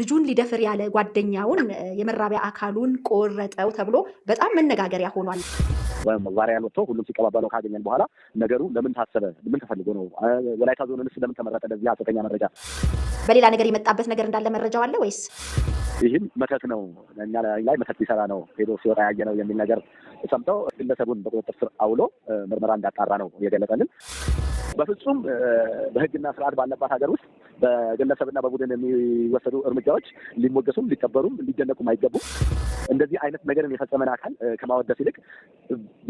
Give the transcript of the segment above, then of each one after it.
ልጁን ሊደፍር ያለ ጓደኛውን የመራቢያ አካሉን ቆረጠው ተብሎ በጣም መነጋገሪያ ሆኗል። ዛሬ ያልወጥቶ ሁሉም ሲቀባበለው ካገኘን በኋላ ነገሩ ለምን ታሰበ? ምን ተፈልጎ ነው? ወላይታ ዞንንስ ለምን ተመረጠ? ለዚህ ሐሰተኛ መረጃ በሌላ ነገር የመጣበት ነገር እንዳለ መረጃው አለ ወይስ ይህም መተት ነው፣ እኛ ላይ መተት ሊሰራ ነው ሄዶ ሲወጣ ያየ ነው የሚል ነገር ሰምተው ግለሰቡን በቁጥጥር ስር አውሎ ምርመራ እንዳጣራ ነው የገለጠልን። በፍጹም በህግና ስርዓት ባለባት ሀገር ውስጥ በግለሰብና በቡድን የሚወሰዱ እርምጃዎች ሊሞገሱም ሊከበሩም ሊደነቁም አይገቡም። እንደዚህ አይነት ነገርን የፈጸመን አካል ከማወደስ ይልቅ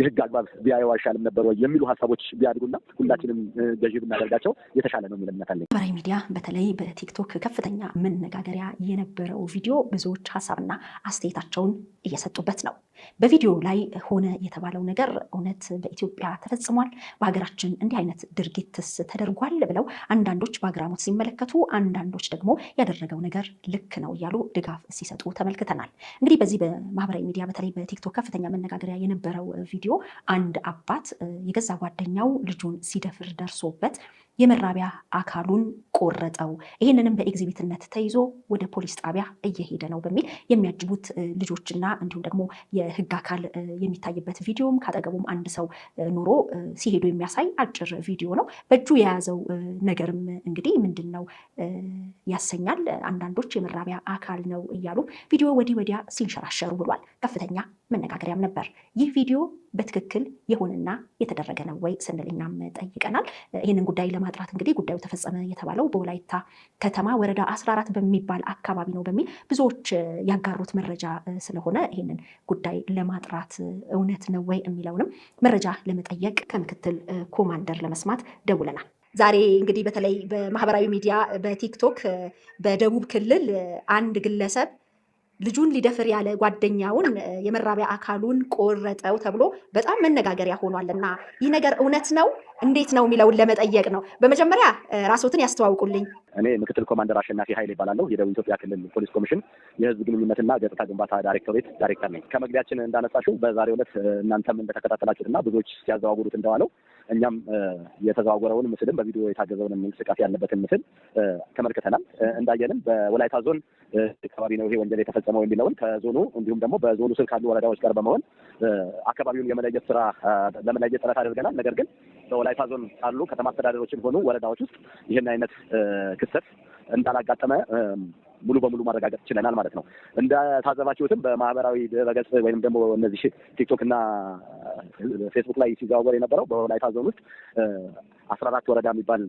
የህግ አግባብ ቢያየው አይሻልም ነበር ወይ የሚሉ ሀሳቦች ቢያድጉና ሁላችንም ገዢ ብናደርጋቸው የተሻለ ነው የሚል እምነት አለኝ። ማህበራዊ ሚዲያ በተለይ በቲክቶክ ከፍተኛ መነጋገሪያ የነበረው ቪዲዮ ብዙዎች ሀሳብና አስተያየታቸውን እየሰጡበት ነው። በቪዲዮ ላይ ሆነ የተባለው ነገር እውነት በኢትዮጵያ ተፈጽሟል? በሀገራችን እንዲህ አይነት ድርጊትስ ተደርጓል? ብለው አንዳንዶች በአግራሞት ሲመለከቱ፣ አንዳንዶች ደግሞ ያደረገው ነገር ልክ ነው እያሉ ድጋፍ ሲሰጡ ተመልክተናል። እንግዲህ በዚህ በማህበራዊ ሚዲያ በተለይ በቲክቶክ ከፍተኛ መነጋገሪያ የነበረው ቪዲዮ አንድ አባት የገዛ ጓደኛው ልጁን ሲደፍር ደርሶበት የመራቢያ አካሉን ቆረጠው። ይህንንም በኤግዚቢትነት ተይዞ ወደ ፖሊስ ጣቢያ እየሄደ ነው በሚል የሚያጅቡት ልጆችና እንዲሁም ደግሞ የህግ አካል የሚታይበት ቪዲዮም ካጠገቡም አንድ ሰው ኖሮ ሲሄዱ የሚያሳይ አጭር ቪዲዮ ነው። በእጁ የያዘው ነገርም እንግዲህ ምንድን ነው ያሰኛል። አንዳንዶች የመራቢያ አካል ነው እያሉ ቪዲዮ ወዲህ ወዲያ ሲንሸራሸሩ ብሏል። ከፍተኛ መነጋገሪያም ነበር። ይህ ቪዲዮ በትክክል የሆነና የተደረገ ነው ወይ ስንል እኛም ጠይቀናል። ይህንን ጉዳይ ለማጥራት እንግዲህ ጉዳዩ ተፈጸመ የተባለው በወላይታ ከተማ ወረዳ 14 በሚባል አካባቢ ነው በሚል ብዙዎች ያጋሩት መረጃ ስለሆነ ይህንን ጉዳይ ለማጥራት እውነት ነው ወይ የሚለውንም መረጃ ለመጠየቅ ከምክትል ኮማንደር ለመስማት ደውለናል። ዛሬ እንግዲህ በተለይ በማህበራዊ ሚዲያ በቲክቶክ በደቡብ ክልል አንድ ግለሰብ ልጁን ሊደፍር ያለ ጓደኛውን የመራቢያ አካሉን ቆረጠው ተብሎ በጣም መነጋገሪያ ሆኗል። እና ይህ ነገር እውነት ነው እንዴት ነው የሚለውን ለመጠየቅ ነው። በመጀመሪያ ራስዎትን ያስተዋውቁልኝ። እኔ ምክትል ኮማንደር አሸናፊ ኃይል ይባላለሁ። የደቡብ ኢትዮጵያ ክልል ፖሊስ ኮሚሽን የህዝብ ግንኙነትና ገጽታ ግንባታ ዳይሬክቶሬት ዳይሬክተር ነኝ። ከመግቢያችን እንዳነሳሽው በዛሬው ዕለት እናንተም እንደተከታተላችሁትና ብዙዎች ሲያዘዋውሩት እንደዋለው እኛም የተዘዋወረውን ምስልም በቪዲዮ የታገዘውን እንቅስቃሴ ያለበትን ምስል ተመልክተናል። እንዳየንም በወላይታ ዞን አካባቢ ነው ይሄ ወንጀል የተፈጸመው የሚለውን ከዞኑ እንዲሁም ደግሞ በዞኑ ስር ካሉ ወረዳዎች ጋር በመሆን አካባቢውን የመለየት ስራ ለመለየት ጥረት አድርገናል። ነገር ግን በወላይታ ዞን ካሉ ከተማ አስተዳደሮችም ሆኑ ወረዳዎች ውስጥ ይህን አይነት ክስተት እንዳላጋጠመ ሙሉ በሙሉ ማረጋገጥ ችለናል ማለት ነው። እንደታዘባችሁትም በማህበራዊ ድረገጽ ወይም ደግሞ እነዚህ ቲክቶክ እና ፌስቡክ ላይ ሲዘዋወር የነበረው በወላይታ ዞን ውስጥ አስራ አራት ወረዳ የሚባል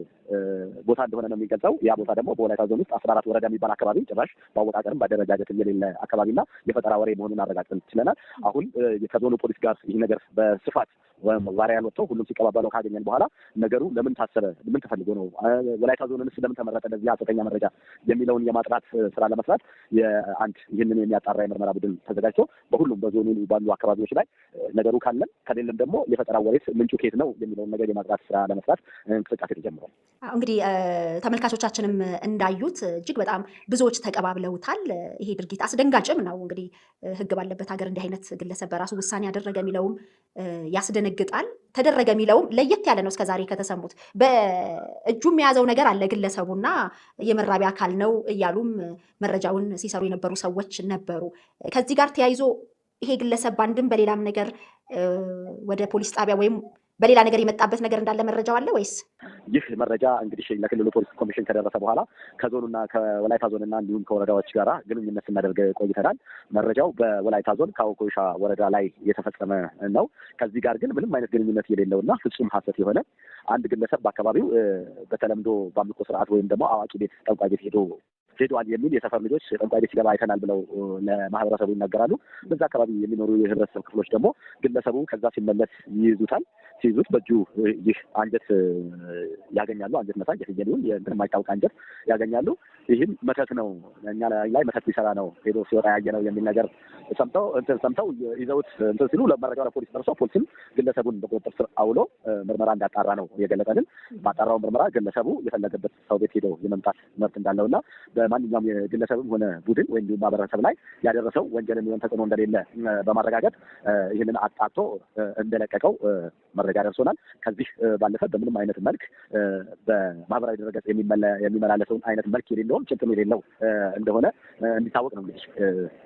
ቦታ እንደሆነ ነው የሚገልጸው። ያ ቦታ ደግሞ በወላይታ ዞን ውስጥ አስራ አራት ወረዳ የሚባል አካባቢ ጭራሽ በአወቃቀርም በአደረጃጀትም የሌለ አካባቢና የፈጠራ ወሬ መሆኑን አረጋግጠን ችለናል። አሁን ከዞኑ ፖሊስ ጋር ይህ ነገር በስፋት ቫሪያ ወጥተው ሁሉም ሲቀባበለው ካገኘን በኋላ ነገሩ ለምን ታሰበ፣ ምን ተፈልጎ ነው፣ ወላይታ ዞንንስ ለምን ተመረጠ፣ ለዚህ ሐሰተኛ መረጃ የሚለውን የማጥራት ስራ ለመስራት የአንድ ይህንን የሚያጣራ የምርመራ ቡድን ተዘጋጅቶ በሁሉም በዞኑ ባሉ አካባቢዎች ላይ ነገሩ ካለን ከሌለም ደግሞ የፈጠራ ወሬት ምንጩ ኬት ነው የሚለውን ነገር የማጥራት ስራ ለመስራት እንቅስቃሴ ተጀምሯል። እንግዲህ ተመልካቾቻችንም እንዳዩት እጅግ በጣም ብዙዎች ተቀባብለውታል። ይሄ ድርጊት አስደንጋጭም ነው። እንግዲህ ህግ ባለበት ሀገር እንዲህ አይነት ግለሰብ በራሱ ውሳኔ ያደረገ የሚለውም ያስደነ ይደነግጣል። ተደረገ የሚለውም ለየት ያለ ነው እስከዛሬ ከተሰሙት። በእጁም የያዘው ነገር አለ ግለሰቡና የመራቢያ አካል ነው እያሉም መረጃውን ሲሰሩ የነበሩ ሰዎች ነበሩ። ከዚህ ጋር ተያይዞ ይሄ ግለሰብ በአንድም በሌላም ነገር ወደ ፖሊስ ጣቢያ ወይም በሌላ ነገር የመጣበት ነገር እንዳለ መረጃው አለ ወይስ? ይህ መረጃ እንግዲህ ለክልሉ ፖሊስ ኮሚሽን ከደረሰ በኋላ ከዞኑና ከወላይታ ዞንና እንዲሁም ከወረዳዎች ጋራ ግንኙነት ስናደርግ ቆይተናል። መረጃው በወላይታ ዞን ከአውኮሻ ወረዳ ላይ የተፈጸመ ነው። ከዚህ ጋር ግን ምንም አይነት ግንኙነት የሌለውና ፍጹም ሐሰት የሆነ አንድ ግለሰብ በአካባቢው በተለምዶ በአምልኮ ስርዓት ወይም ደግሞ አዋቂ ቤት ጠንቋይ ቤት ሄዶ ሄደዋል የሚል የሰፈር ልጆች ጠንቋይ ቤት ሲገባ አይተናል ብለው ለማህበረሰቡ ይናገራሉ። በዛ አካባቢ የሚኖሩ የህብረተሰብ ክፍሎች ደግሞ ግለሰቡ ከዛ ሲመለስ ይይዙታል። ሲይዙት በእጁ ይህ አንጀት ያገኛሉ። አንጀት መሳ አንጀት የማይታወቅ አንጀት ያገኛሉ። ይህም መተት ነው፣ እኛ ላይ መተት ሊሰራ ነው ሄዶ ሲወጣ ያየ ነው የሚል ነገር ሰምተው እንትን ሰምተው ይዘውት እንትን ሲሉ መረጃው ለፖሊስ ደርሶ ፖሊስም ግለሰቡን በቁጥጥር ስር አውሎ ምርመራ እንዳጣራ ነው የገለጠልን። ባጣራው ምርመራ ግለሰቡ የፈለገበት ሰው ቤት ሄደው የመምጣት መብት እንዳለው እና በማንኛውም የግለሰብም ሆነ ቡድን ወይም ማህበረሰብ ላይ ያደረሰው ወንጀል የሚሆን ተጽዕኖ እንደሌለ በማረጋገጥ ይህንን አጣቶ እንደለቀቀው መረጃ ደርሶናል። ከዚህ ባለፈ በምንም አይነት መልክ በማህበራዊ ድረገጽ የሚመላለሰውን አይነት መልክ የሌለውን ፍጹም ችግር የሌለው እንደሆነ እንዲታወቅ ነው እንግዲህ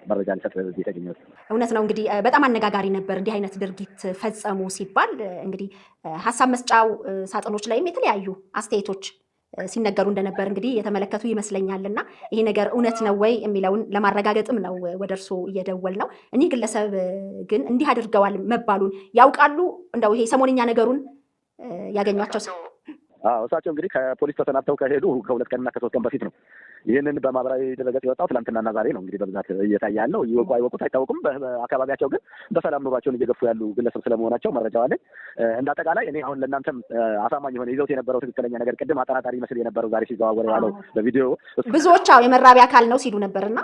መረጃ ሊሰጥ የተገኘት። እውነት ነው እንግዲህ በጣም አነጋጋሪ ነበር። እንዲህ አይነት ድርጊት ፈጸሙ ሲባል እንግዲህ ሀሳብ መስጫው ሳጥኖች ላይም የተለያዩ አስተያየቶች ሲነገሩ እንደነበር እንግዲህ የተመለከቱ ይመስለኛል። እና ይሄ ነገር እውነት ነው ወይ የሚለውን ለማረጋገጥም ነው ወደ እርስዎ እየደወል ነው። እኒህ ግለሰብ ግን እንዲህ አድርገዋል መባሉን ያውቃሉ? እንደው ይሄ ሰሞንኛ ነገሩን ያገኟቸው እሳቸው እንግዲህ ከፖሊስ ተሰናብተው ከሄዱ ከሁለት ቀንና ከሶስት ቀን በፊት ነው። ይህንን በማህበራዊ ድረገጽ የወጣው ትላንትናና ዛሬ ነው። እንግዲህ በብዛት እየታየ ያለው ይወቁ አይወቁት አይታወቁም። በአካባቢያቸው ግን በሰላም ኑሯቸውን እየገፉ ያሉ ግለሰብ ስለመሆናቸው መረጃው አለኝ። እንደ አጠቃላይ እኔ አሁን ለእናንተም አሳማኝ የሆነ ይዘውት የነበረው ትክክለኛ ነገር ቅድም አጠራጣሪ ይመስል የነበረው ዛሬ ሲዘዋወር ያለው በቪዲዮ ብዙዎች አዎ የመራቢያ አካል ነው ሲሉ ነበርና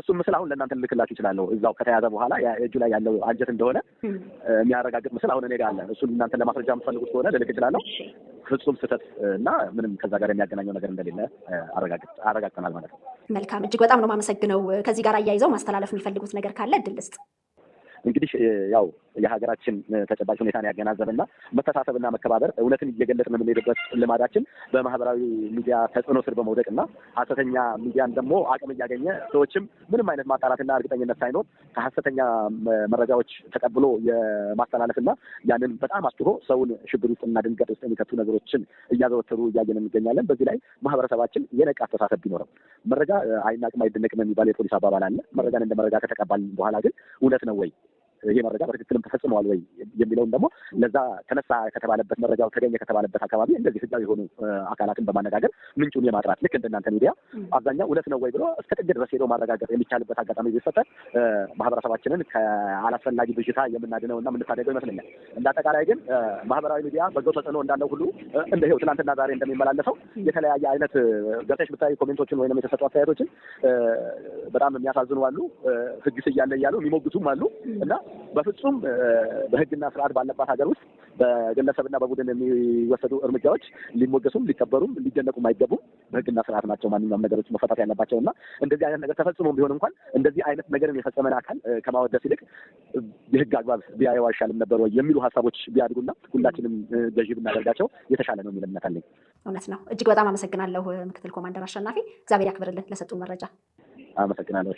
እሱም ምስል አሁን ለእናንተ ልልክላችሁ እችላለሁ። እዛው ከተያዘ በኋላ እጁ ላይ ያለው አንጀት እንደሆነ የሚያረጋግጥ ምስል አሁን እኔ ጋር አለ። እሱን እናንተ ለማስረጃ የምትፈልጉት ከሆነ ልልክ እችላለሁ። ፍጹም ስህተት እና ምንም ከዛ ጋር የሚያገናኘው ነገር እንደሌለ አረጋግጠናል ማለት ነው። መልካም፣ እጅግ በጣም ነው የማመሰግነው። ከዚህ ጋር አያይዘው ማስተላለፍ የሚፈልጉት ነገር ካለ እድል ስጥ። እንግዲህ ያው የሀገራችን ተጨባጭ ሁኔታን ያገናዘብና መተሳሰብና መከባበር እውነትን እየገለጥን የምንሄድበት ልማዳችን በማህበራዊ ሚዲያ ተጽዕኖ ስር በመውደቅ እና ሀሰተኛ ሚዲያን ደግሞ አቅም እያገኘ ሰዎችም ምንም አይነት ማጣራትና እርግጠኝነት ሳይኖር ከሀሰተኛ መረጃዎች ተቀብሎ የማስተላለፍና ያንን በጣም አስጥሮ ሰውን ሽብር ውስጥና ድንገት ውስጥ የሚከቱ ነገሮችን እያዘወተሩ እያየን እንገኛለን። በዚህ ላይ ማህበረሰባችን የነቃ አስተሳሰብ ቢኖረው መረጃ አይናቅም አይደነቅም የሚባል የፖሊስ አባባል አለ። መረጃን እንደ መረጃ ከተቀባል በኋላ ግን እውነት ነው ወይ ይሄ መረጃ በትክክልም ተፈጽመዋል ወይ የሚለውን ደግሞ ለዛ ተነሳ ከተባለበት መረጃው ተገኘ ከተባለበት አካባቢ እንደዚህ ህጋዊ የሆኑ አካላትን በማነጋገር ምንጩን የማጥራት ልክ እንደ እናንተ ሚዲያ አብዛኛው እውነት ነው ወይ ብሎ እስከ ጥግ ድረስ ሄደው ማረጋገጥ የሚቻልበት አጋጣሚ ቢፈጠር ማህበረሰባችንን ከአላስፈላጊ ብዥታ የምናድነው እና የምንታደገው ይመስለኛል። እንደ አጠቃላይ ግን ማህበራዊ ሚዲያ በጎ ተጽዕኖ እንዳለው ሁሉ እንደ ይኸው ትናንትና ዛሬ እንደሚመላለሰው የተለያየ አይነት ገብተሽ ብታይ ኮሜንቶችን ወይም የተሰጡ አስተያየቶችን በጣም የሚያሳዝኑ አሉ፣ ህግስ እያለ እያሉ የሚሞግቱም አሉ እና በፍጹም በህግና ስርዓት ባለባት ሀገር ውስጥ በግለሰብና በቡድን የሚወሰዱ እርምጃዎች ሊሞገሱም ሊከበሩም ሊደነቁም አይገቡም። በህግና ስርዓት ናቸው ማንኛውም ነገሮች መፈታት ያለባቸው እና እንደዚህ አይነት ነገር ተፈጽሞ ቢሆን እንኳን እንደዚህ አይነት ነገርን የፈጸመን አካል ከማወደስ ይልቅ የህግ አግባብ ቢያየው አይሻልም ነበር ወይ የሚሉ ሀሳቦች ቢያድጉና ሁላችንም ገዢ ብናደርጋቸው የተሻለ ነው የሚል እምነት አለኝ። እውነት ነው። እጅግ በጣም አመሰግናለሁ ምክትል ኮማንደር አሸናፊ። እግዚአብሔር ያክብርልን ለሰጡን መረጃ አመሰግናለሁ።